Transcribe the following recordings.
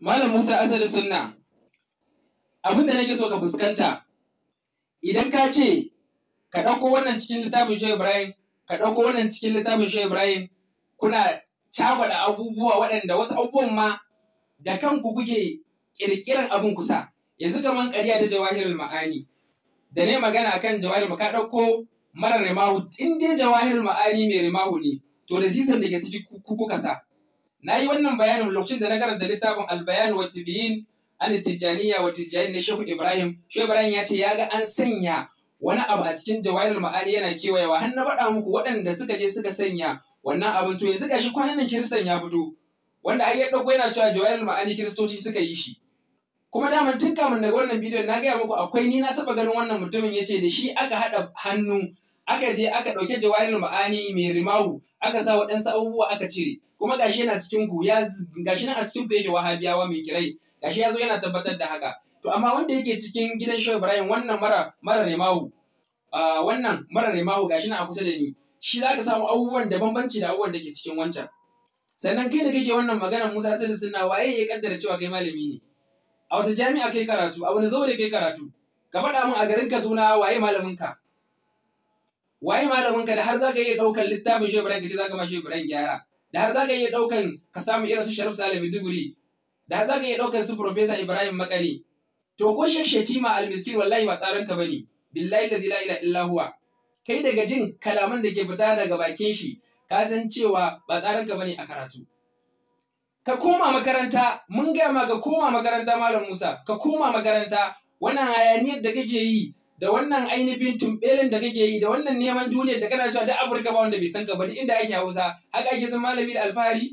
Malam Musa Asali Sunna, abin da nake so ka fuskanta, idan ka ce ka ɗauko wannan cikin littafin Shehu Ibrahim, ka ɗauko wannan cikin littafin Shehu Ibrahim, kuna cagwada abubuwa waɗanda wasu abubuwan ma da kanku kuke ƙirƙirar abin kusa. Yanzu kaman ƙarya ta jawahirul ma'ani, da ne magana kan ma ka ɗauko mara rimahu, in dai jawahirul ma'ani mai rimahu ne, to da sisan da ke ciki kuka sa. na yi wannan bayanin lokacin da na karanta littafin albayan wa tibiyin an tijjaniya wa tijjani na shehu ibrahim shehu ibrahim ya ce ya ga an sanya wani abu a cikin jawahirul ma'ani yana kewayawa har na faɗa muku waɗanda suka je suka sanya wannan abin to yanzu gashi kwanan kiristan ya fito wanda ake ya ɗauko yana cewa jawahirul ma'ani kiristoci suka yi shi kuma daman tun kamun daga wannan bidiyon na gaya muku akwai ni na taɓa ganin wannan mutumin ya ce da shi aka haɗa hannu aka je aka ɗauke jawahirul ma'ani mai rimahu aka sa waɗansu abubuwa aka cire kuma gashi yana cikin ku ya gashi nan a cikin ku yake wahabiyawa mai kirai gashi ya zo yana tabbatar da haka to amma wanda yake cikin gidan shehu ibrahim wannan mara mara rimahu wannan mara rimahu gashi nan a kusa da ni shi zaka samu abubuwan da bambanci da abubuwan da ke cikin wancan sannan kai da kake wannan magana musa sirri suna waye ya kaddara cewa kai malami ne a wata jami'a kai karatu a wani zaure kai karatu ka faɗa min a garin kaduna waye malamin ka waye malamin ka da har zaka iya daukan littafin Shehu Ibrahim kace zaka ma Shehu Ibrahim gyara da har zaka iya daukan ka samu irin su Sharif Salami Duguri da har zaka iya daukan su Professor Ibrahim Makari to ko Sheikh Shetima al wallahi ba tsaron ka bane billahi la ilaha illa huwa kai daga jin kalaman da ke fita daga bakin shi ka san cewa ba tsaron ka bane a karatu ka koma makaranta mun gaya ma ka koma makaranta malam Musa ka koma makaranta wannan hayaniyar da kake yi da wannan ainihin tumbelin da kake yi da wannan neman duniyar da kana cewa da afirka ba wanda bai san ka ba inda ake hausa haka ake san malami da alfahari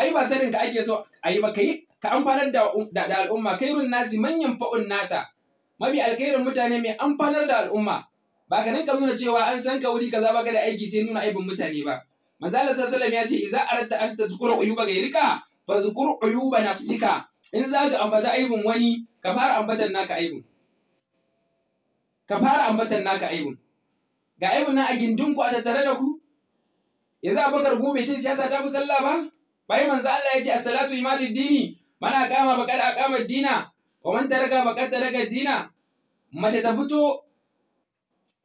ai ba sanin ka ake so ai ba kai ka amfanar um, da da al'umma kairun nasi manyan fa'un nasa mabi alkairin mutane mai amfanar da al'umma ba ka nan ka nuna cewa an san ka wuri kaza baka da aiki sai nuna aibin mutane ba manzala sallallahu ya ce idza aratta an tazkura uyuba gairika fazkur uyuba nafsika in za ka ambata aibin wani ka fara ambatan naka aibin ka fara ambatan naka aibun ga aibun na a gindin ku a tattare da ku yanzu abubakar gobe ce siyasa ta fi sallah ba bai manzo Allah ya ce as-salatu imadu dini mana kama bakar akama dina wa man taraka bakar taraka dina mace ta fito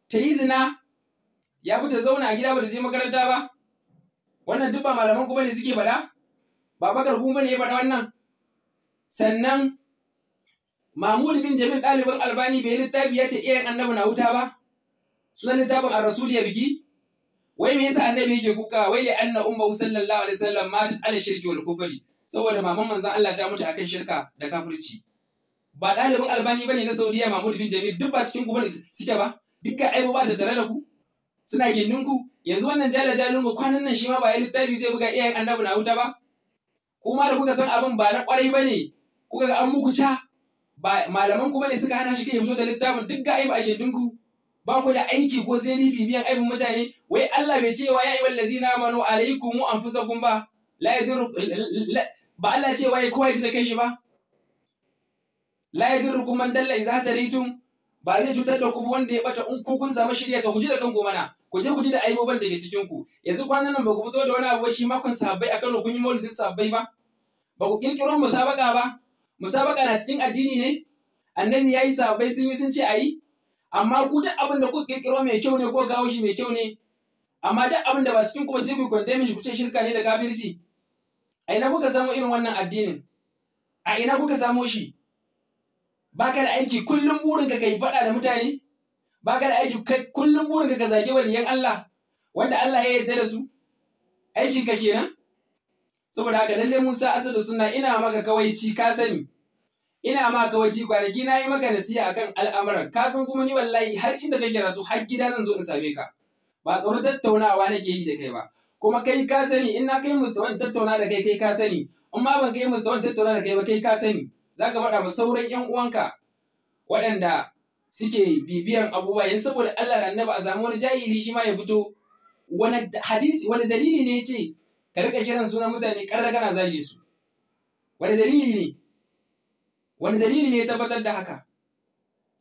ta yi zina ya fi ta zauna a gida ba ta je makaranta ba wannan duk ba malaman kuma ne suke faɗa ba bakar gobe ne ya faɗa wannan sannan mahmud bin jamil ɗaliban albani bai littafi ya ce iyayen annabi na wuta ba sunan littafin a rasul ya biki wai me yasa annabi yake kuka wai ya anna ummu sallallahu alaihi wasallam ta ala shirki wal kufri saboda maman manzon Allah ta mutu akan shirka da kafirci ba ɗalibin albani bane na saudiya mahmud bin jamil duk ba cikin gubar suke ba duk ga ba da tare da ku suna gindin ku yanzu wannan jala jalin ku kwanan nan shi ma ba ya littafi zai buga iyayen annabi na wuta ba kuma da kuka san abin ba na kwarai ne? kuka ga an muku ca ba malaman kuma ne suka hana shi kai fito da littafin duk ga aibu a gindinku ba ku da aiki ko sai ni bibiyan aibin mutane wai Allah bai ce wa ya ayyuhal ladzina amanu alaykum anfusakum ba la yadur ba Allah ce wai kowa ji da kai shi ba la yadurrukum man dalla idza taritum ba zai cutar da ku wanda ya bata in ku kun samu shirya ta guji da kanku mana ku je ku ji da aibobin da ke cikin ku yanzu kwanan nan ba ku fito da wani abu shi makon sabai akan kun yi maulidin sabai ba ba ku kirkiro musabaka ba musabaka na cikin addini ne annabi ya yi sabai sun yi sun ce a yi amma ku duk abin da ku kirkiro mai kyau ne ko kawo shi mai kyau ne amma duk abin da ba cikin kuma sai ku kwanta shi ku ce shirka ne da kafirci a ina kuka samo irin wannan addinin a ina kuka samo shi baka da aiki kullum burinka kai faɗa da mutane baka da aiki kullum burinka ka zage waliyan Allah wanda Allah ya yarda da su ka kenan saboda haka lalle Musa Asadu suna ina maka kawaici ka sani ina ma kawaji kwanaki na yi maka nasiha akan al'amuran ka san kuma ni wallahi har inda kake ratu har gida zan zo in same ka ba tsaro tattaunawa nake yi da kai ba kuma kai ka sani in na kai mustawan tattauna da kai kai ka sani in ma ban kai mustawan tattauna da kai ba kai ka sani zaka faɗa ba sauran yan uwanka waɗanda suke bibiyan abubuwa yanzu saboda Allah da annabi a samu wani jahili shi ma ya fito wani hadisi wani dalili ne ya ce ka riƙa kiran sunan mutane ƙarar kana zage su wani dalili ne wani dalili ne ya tabbatar da haka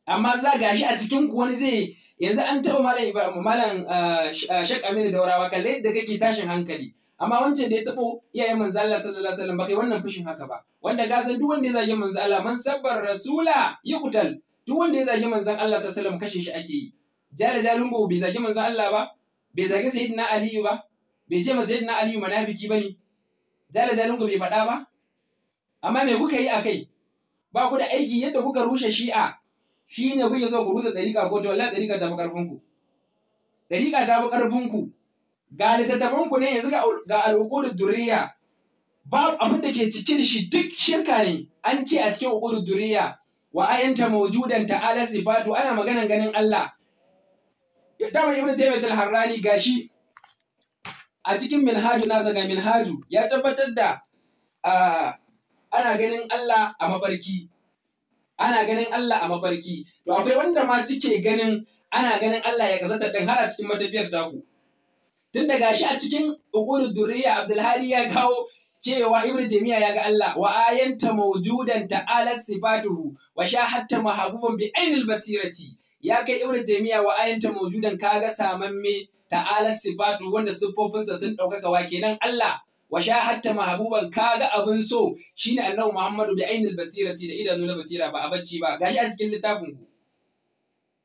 amma za gashi a cikin ku wani zai yanzu an taɓa malam ibrahim malam ah, ah, shek aminu daurawa kalle da kake tashin hankali amma wancan da ya taɓo iyayen manzo Allah sallallahu alaihi wasallam ba kai wannan fushin haka ba wanda ga san duk wanda ya zage manzo Allah man sabbar rasula yuqtal duk wanda ya zage manzo Allah sallallahu alaihi wasallam kashe shi ake yi jala jalungo bai zage manzo Allah ba bai zage sayyidina aliyu ba bai ce masa sayyidina aliyu ba bane jala jalun bai faɗa ba amma me kuka yi akai ba ku da aiki yadda kuka rushe shi'a Shi ne kuke so ku rusa dariƙa ko to wallahi dariƙa ta fi ƙarfin ku ta fi ga littattafan ku ne yanzu ga al'uqudud duriya Ba abin da ke cikin shi duk shirka ne an ce a cikin uqudud duriya wa ayanta mawjudan ta'ala sifatu ana maganar ganin Allah dama ibnu taymiyyah al-harrani gashi a cikin minhaju nasa ga minhaju ya tabbatar da ah, ana ganin Allah a mafarki ana ganin Allah a mafarki to akwai wanda ma suke ganin ana ganin Allah ya kazata dan har a cikin matafiyar taku tun da gashi a cikin uqulud duriya Abdulhadi ya kawo cewa Ibn Jamiya ya ga Allah wa ayanta mawjudan ta'ala sifatuhu wa shahatta mahabuban bi ainil basirati ya kai Ibn Jamiya wa ayanta mawjudan kaga samamme ta'ala sifatu wanda siffofinsa sun ɗaukaka wa kenan Allah wa hatta mahabuban kaga abin so shine annabi Muhammadu bi ainil basirati da idanu na basira ba a bacci ba gashi a cikin littafin ku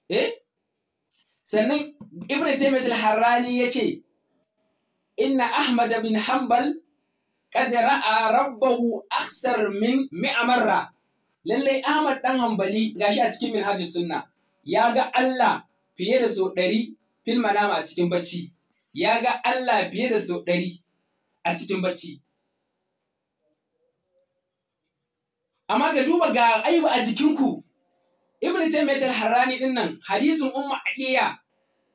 eh? sannan Ibn Taymiyyah al-Harrani yace inna Ahmad bin Hanbal qad ra'a rabbahu aksar min mi'a marra lalle Ahmad dan Hanbali gashi a cikin Minhajus Sunna ya ga Allah fiye da so ɗari fil manama a cikin bacci ya ga Allah fiye da so ɗari a cikin bacci amma ka duba ga aibu a jikinku ibn taymiyyah al-harrani ɗin nan hadisin ummu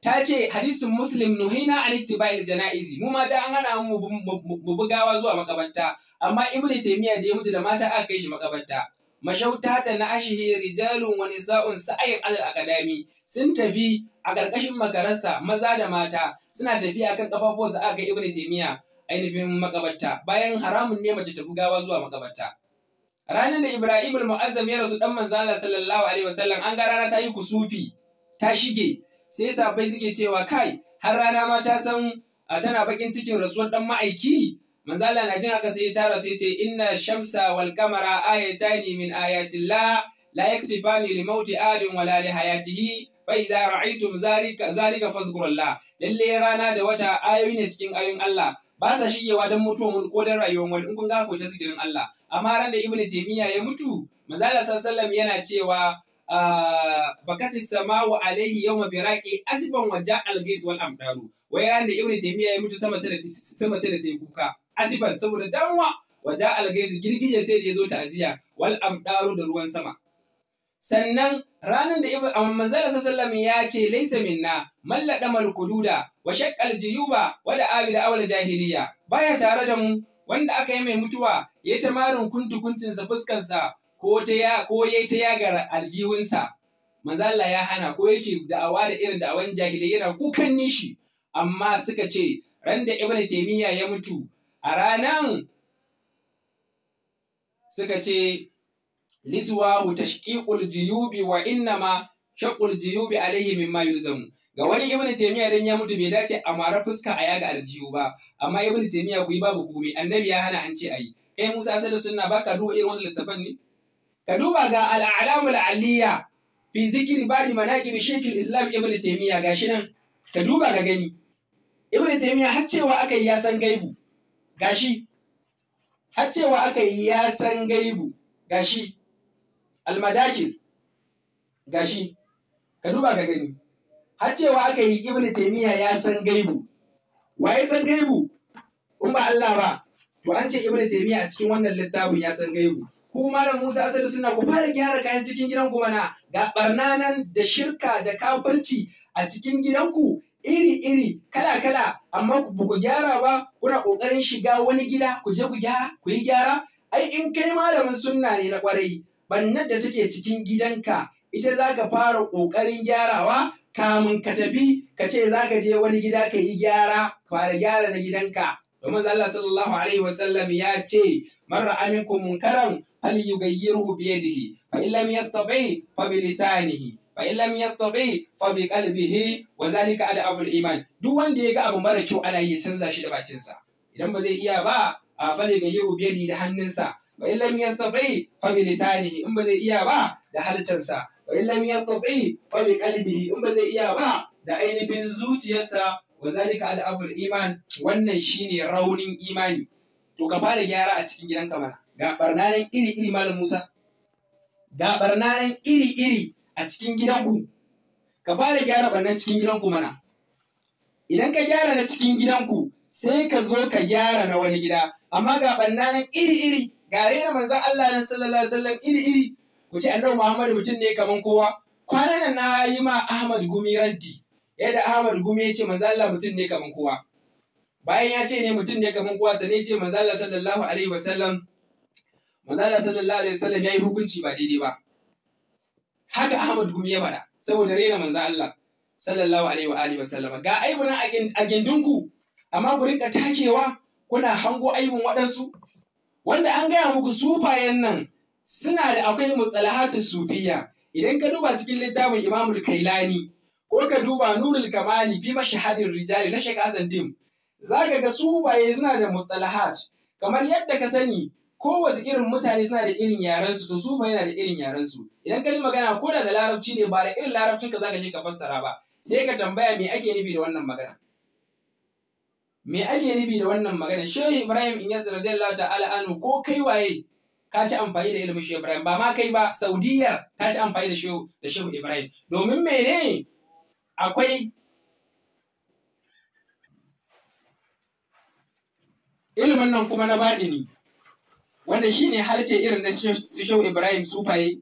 ta ce hadisin muslim nuhina an ittiba'il janaizi mu mata an hana mu bugawa zuwa makabanta amma ibn taymiya da ya mutu da mata aka kai shi makabanta mashautata na ashihi rijalun wani sa'un sa'ayin alal akadami sun tafi a ƙarƙashin makararsa maza da mata suna tafiya kan su aka kai ibn taymiya ainihin makabarta bayan haramun ne mace ta gawa zuwa makabarta ranar da Ibrahim al-Mu'azzam ya rasu dan manzala sallallahu alaihi wasallam an ga rana ta yi kusufi ta shige sai sabai suke cewa kai har rana ma ta san tana bakin cikin rasuwar dan ma'aiki manzala na jin haka sai ta sai ce inna shamsa wal qamara ayatani min ayatillah la yaksifani li mauti adin wala li hayatihi fa idza ra'aytum zalika zalika fazkurullah lalle rana da wata ayoyi ne cikin ayoyin Allah ba sa shigewa don mutuwan wani ko don rayuwar wani in kun ga kwace zikirin Allah amma ran da ibnu taymiya ya mutu manzala sallallahu yana cewa ah, bakatis samawu alaihi yawma biraqi asban waja algais wal amdaru wai ran da ibnu taymiya ya mutu sama sai da sama sai da kuka asiban saboda danwa waja algais girgije sai da ya zo ta'ziya wal amdaru da ruwan sama sannan ranar da manzala sallallahu ya ce laisa minna mallaɗa malkududa wa ba? wada abi da awal jahiliya baya tare da mu wanda aka yi mai mutuwa ya ta marin kuntukuncin sa fuskan ko ya ko ta yagar aljihunsa? manzala ya hana ko yake da'awa da irin da'awan jahiliya yana kukan nishi amma suka ce ran da ibnu taymiya ya mutu a ranan suka ce liswa mu tashqiqul juyubi wa ma shaqul juyubi alaihi mimma yulzamu ga wani ibnu taymiya dan ya mutu bai dace a mara fuska a yaga aljihu ba amma ibnu taymiya ku yi babu komai annabi ya hana an ce ayi kai musa sai da sunna baka duba irin wannan littafin ne ka duba ga al'alamul aliyya fi zikri ba'di manaqib shaykhul islam ibnu taymiya gashi nan ka duba ka gani ibnu taymiya har cewa aka yi ya san gaibu gashi har cewa akai ya san gaibu gashi almadakir gashi ka duba ka gani har cewa aka yi ibn taymiya ya san gaibu waye san gaibu in ba Allah ba to an ce ibn taymiya a cikin wannan littafin ya san gaibu ku malam Musa asali suna ku fara gyara kayan cikin gidan ku mana ga barnanan da shirka da kafirci a cikin gidanku iri-iri kala-kala amma ku ku gyara ba kuna ƙoƙarin shiga wani gida ku je ku gyara ku yi gyara ai in kai malamin sunna ne na kwarai bannar da take cikin gidanka ita za ka fara ƙoƙarin gyarawa kamun ka tafi ka ce za ka je wani gida ka yi gyara fara gyara na gidanka domin Allah sallallahu alaihi wasallam ya ce marra aminkum munkaran hal yugayyirhu bi yadihi fa illam yastati fa bi lisanihi fa illam yastati fa bi qalbihi wa zalika al iman duk wanda ya ga abu mara kyau ana iya canza shi da bakinsa idan ba zai iya ba a fale ga ruhu biyadi da hannunsa wa in lam yastati fa bi lisanihi in ba zai iya ba da halittarsa wa in lam yastati fa bi qalbihi in ba zai iya ba da ainihin zuciyarsa wa zalika al iman wannan shine raunin imani to ka fara gyara a cikin gidanka mana ga barnanan iri iri malam Musa ga barnanan iri iri a cikin gidanku ka fara gyara barnan cikin gidanku mana idan ka gyara na cikin gidanku sai ka zo ka gyara na wani gida amma ga barnanan iri iri gare da manzon Allah nan sallallahu alaihi wasallam iri iri ku ce annabi Muhammad mutum ne kaman kowa kwanan nan na yi ma Ahmad Gumi raddi yadda Ahmad Gumi ya ce manzon Allah mutum ne kaman kowa bayan ya ce ne mutum ne kaman kowa sai ya ce manzon Allah sallallahu alaihi wasallam manzon Allah sallallahu alaihi wasallam yayi hukunci ba daidai ba haka Ahmad Gumi ya bada saboda rena manzon Allah sallallahu alaihi wa alihi wasallam ga aibuna a gindinku amma ku rinka takewa kuna hango aibun waɗansu wanda an gaya muku sufayen nan suna da akwai mutsalahatu sufiya idan ka duba cikin littafin imamul kailani ko ka duba nurul kamali bi mashahadin rijali na shek hasan za ka ga sufaye suna da mustalahat kamar yadda ka sani ko wasu irin mutane suna da irin yaren su to sufaye na da irin yaren su idan ka yi magana ko da larabci ne ba da irin larabcin ka za ka je ka fassara ba sai ka tambaya me ake nufi da wannan magana me ake nufi da wannan magana shehu ibrahim in yasir radiyallahu ta'ala anu ko kai waye ka ci amfani da ilimin shehu ibrahim ba ma kai ba saudiya ta ci amfani da shehu da shehu ibrahim domin mene akwai ilimin nan kuma na ne. wanda shi ne harce irin na shehu ibrahim sufaye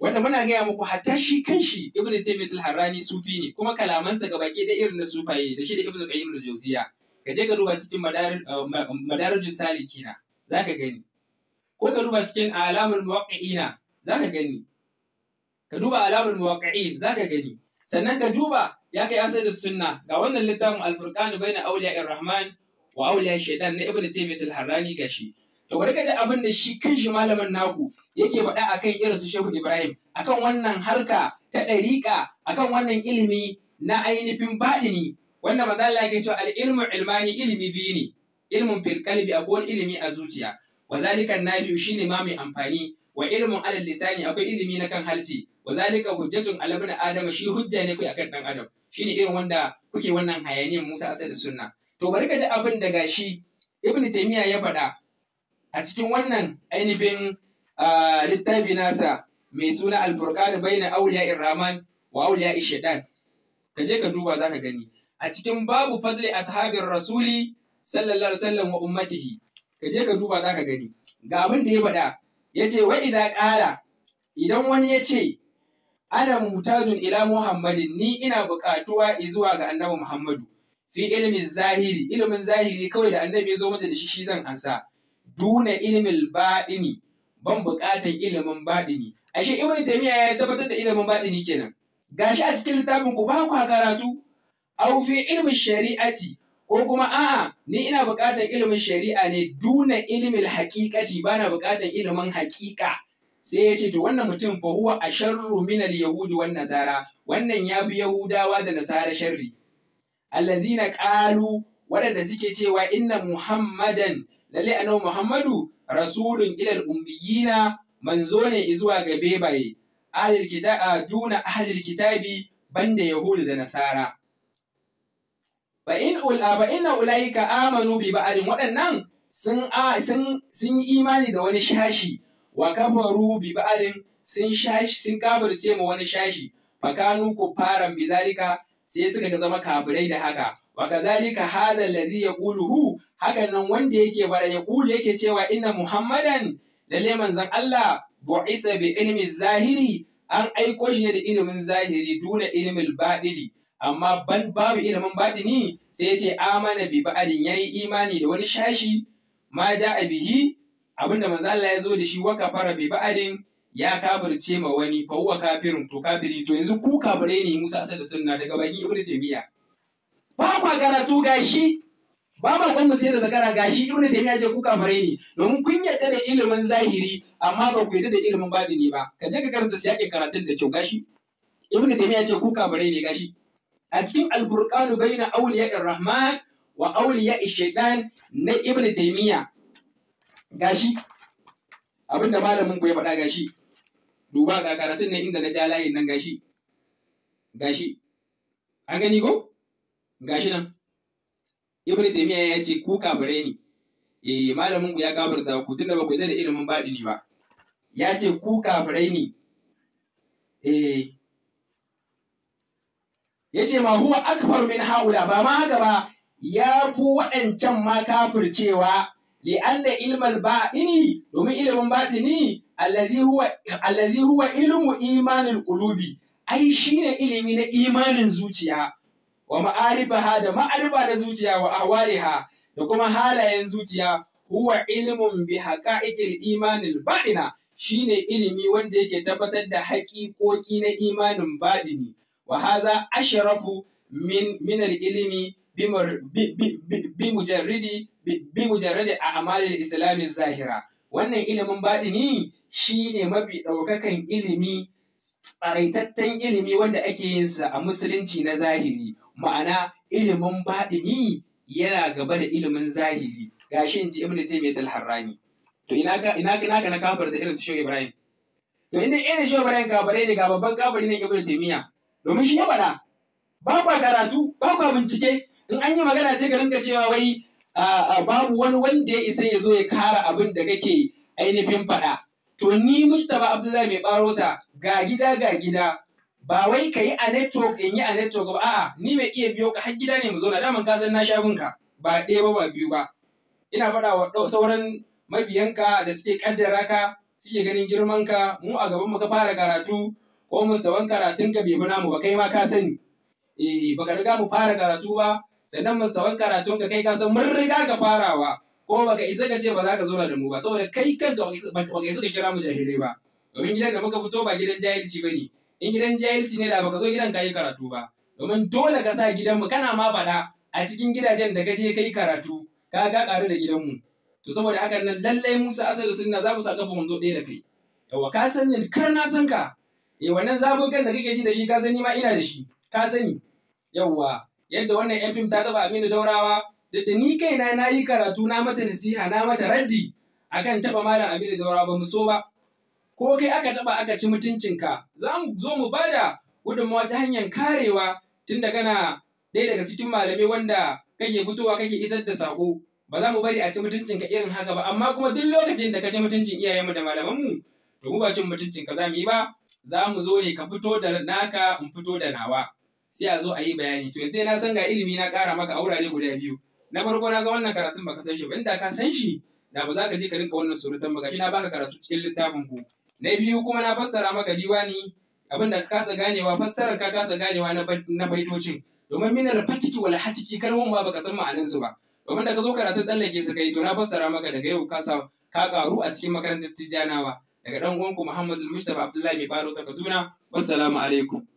wanda muna gaya muku hatta shi kanshi ibnu taymiyyah al-harrani sufi ne kuma kalamansa gabaki da irin na sufaye da shi da ibnu qayyim al jawziyya ka je ka duba cikin eh, madarajin salikina za ka gani ko ka duba cikin alamun mawaƙa'ina, za ka gani ka duba alamun muwaqqi'in za ka gani sannan ka duba ya kai asali sunna ga wannan littafin bai na awliya rahman wa auliya shaidan na ibnu taymiyyah al-harrani gashi to ka ji abin da shi kan shi malamin naku yake faɗa akan irin su Shehu Ibrahim akan wannan harka ta ɗariƙa akan wannan ilimi na ainihin baɗini wanda manzo Allah yake cewa al-ilmu ilmani ilimi biyu ne ilmun fil qalbi akwai ilimi a zuciya wa zalika nabi shine ma mai amfani wa ilmun alal lisani akwai ilimi na kan halci wa zalika hujjatun ala ibn shi hujja ne kai akan dan adam shine irin wanda kuke wannan hayaniyan Musa asali sunna to bari ka ji abin da gashi ibn taymiya ya faɗa a cikin wannan ainihin ah, littafi nasa mai suna al-furqan bayna awliya ar-rahman wa awliya ash-shaytan ka je ka duba zaka gani a cikin babu fadli ashabin rasuli sallallahu alaihi wasallam wa ummatihi ka je ka duba zaka gani ga abin da ya faɗa yace wa idza qala idan wani yace ana muhtajun ila muhammadin ni ina buƙatuwa zuwa ga annabi muhammadu fi ilmi zahiri ilimin zahiri kawai da annabi ya zo mata da shi shi zan ansa duna ilmin baɗini ban buƙatar ilimin baɗini ashe ibnu taymiya ya tabbatar da ilimin baɗini kenan gashi a cikin littafin ku ba ku karatu au fi ilmin shari'ati ko kuma a'a ni ina buƙatar ilimin shari'a ne duna ilimin haƙiƙati ba na buƙatar ilimin haƙiƙa sai ya ce to wannan mutum fa huwa sharru minal yahudi wan nazara wannan ya bi yahudawa da nasara sharri allazina qalu waɗanda suke cewa inna muhammadan lalle annabi muhammadu rasulun ilal ummiyina manzo ne zuwa gabe bebaye ahlul kitabi duna ahlul kitabi banda yahudi da nasara Ba in ula ulaika amanu bi ba'adin waɗannan sun yi imani da wani shashi wa kafaru bi ba'adin sun shashi sun kabarce ma wani shashi fa kanu faran bi zalika sai suka ga zama kafirai da haka wa kazalika hadha allazi yaquluhu haka nan wanda yake bara ya kulu yake cewa inna muhammadan lalle manzon Allah bu'isa bi ilmi zahiri an aiko shi ne da ilimin zahiri duna ilimin badili!" amma ban babu ilimin batini sai ya ce amana bi ba'adin yayi imani da wani shashi ma ja bihi abinda manzo Allah ya zo da shi waka fara bi ba'adin ya kafirce ma wani fa huwa kafirun to kafiri to yanzu ku kafirai ne Musa asal da sunna daga bakin Ibn Taymiyyah ba kwa karatu gashi ba ma kan sai da zakara gashi Ibn Taymiyyah ce ku kafirai ne domin kun yarda da ilimin zahiri amma ba ku yarda da ilimin batini ba ka je ka karanta siyakin karatun da kyau gashi Ibn Taymiyyah ce ku kafirai ne gashi a cikin alburkanu na auliya rahman wa auliya shaitan na ibn taimiyya gashi abinda malamin ku ya faɗa gashi duba ga karatun nan inda na ja layin nan gashi gashi an gani ko gashi nan ibn taimiyya ya ce ku kafirai ne eh malamin ku ya kafirta ku tunda ba ku yi da ilimin baɗini ba ya ce ku kafirai ne eh Ya ce ma huwa akfar min haula ba ma haka ba ya fi waɗancan ma kafircewa anna ilmal ba'ini domin ilmin batini allazi huwa allazi huwa ilmu imanil qulubi ai shine ilimi na imanin zuciya wa ma'arifaha da ma'arifa da zuciya wa ahwaliha da kuma halayen zuciya huwa ilmun bi haqa'iqil imanil ba'ina shine ilimi wanda yake tabbatar da haƙiƙoƙi na imanin baɗini wa haza ashrafu min min al-ilmi bi mujarridi bi mujarradi a'malil islami zahira wannan ilimin baɗini shine mafi ɗaukakan ilimi tsaraitaccen ilimi wanda ake yin sa a musulunci na zahiri ma'ana ilimin baɗini yana gaba da ilimin zahiri Ga gashi in ji ibnu taymiyyah al-harrani to ina ka ina ka na kafar da irin su ibrahim to inda irin shehu ibrahim kafare ne ga babban kafari ne ibnu taymiyyah domin shi ya faɗa ba kwa karatu ba kwa bincike in an yi magana sai ka rinka cewa wai babu wani wanda ya isa ya zo ya kara abin da kake ainihin faɗa to ni mujtaba abdullahi mai barota ga gida ga gida ba wai ka yi a network in yi a network ba a'a ni mai iya biyo ka har gida ne mu zo na daman ka san na sha binka ba ɗaya ba ba biyu ba ina faɗa wa sauran mabiyanka da suke kaddara ka suke ganin girman ka mu a gaban mu ka fara karatu ko mustawan karatun ka bai bi namu ba kai ma ka sani eh baka riga mu fara karatu ba sannan mustawan karatun ka kai ka san mun riga ka farawa ko baka isa ka ce ba za ka zauna da mu ba saboda kai kanka baka isa ka kira mu jahilai ba domin gidan da muka fito ba gidan jahilci bane in gidan jahilci ne da baka zo gidan ka yi karatu ba domin dole ka sa gidan mu kana ma faɗa a cikin gidajen da ka je ka karatu ka ga ƙaru da mu to saboda hakan nan lallai musa asali sunna za mu sa kafa wando ɗaya da kai yawa ka san ni kar na san ka eh wannan zafin kan da kake ji da shi ka sani ma ina da shi ka sani yawwa yadda wannan yan fim ta taba Aminu Daurawa da da ni kaina na yi karatu na mata nasiha na mata raddi akan taba malam Aminu Daurawa ba mu so ba ko kai aka taba aka ci mutuncinka za mu zo mu bada gudunmawa ta hanyar karewa tunda kana ɗaya daga cikin malamai wanda kake fitowa kake isar da sako ba za mu bari a ci mutuncinka irin haka ba amma kuma duk lokacin da ka ci mutuncin iyayenmu da malamanmu to mu ba cin mutuncin ka zamu yi ba za mu zo ne ka fito da naka in fito da nawa sai a zo a yi bayani to yanzu na san ga ilimi na ƙara maka a wurare guda biyu na farko na zo wannan karatun baka san shi ba inda ka san shi da ba za ka je ka rinka wannan surutan ba kashi na baka karatu cikin littafin ku na biyu kuma na fassara maka diwani abin da ka kasa ganewa fassarar ka kasa ganewa na baitocin domin minar fatiki wala hatiki kalmomin ba baka san ma'anin su ba domin da ka zo karatun tsallake su kai to na fassara maka daga yau ka ka karu a cikin makarantar tijjanawa daga ɗan uwanku Muhammadu Mustapha Abdullahi mai baro ta Kaduna wassalamu alaikum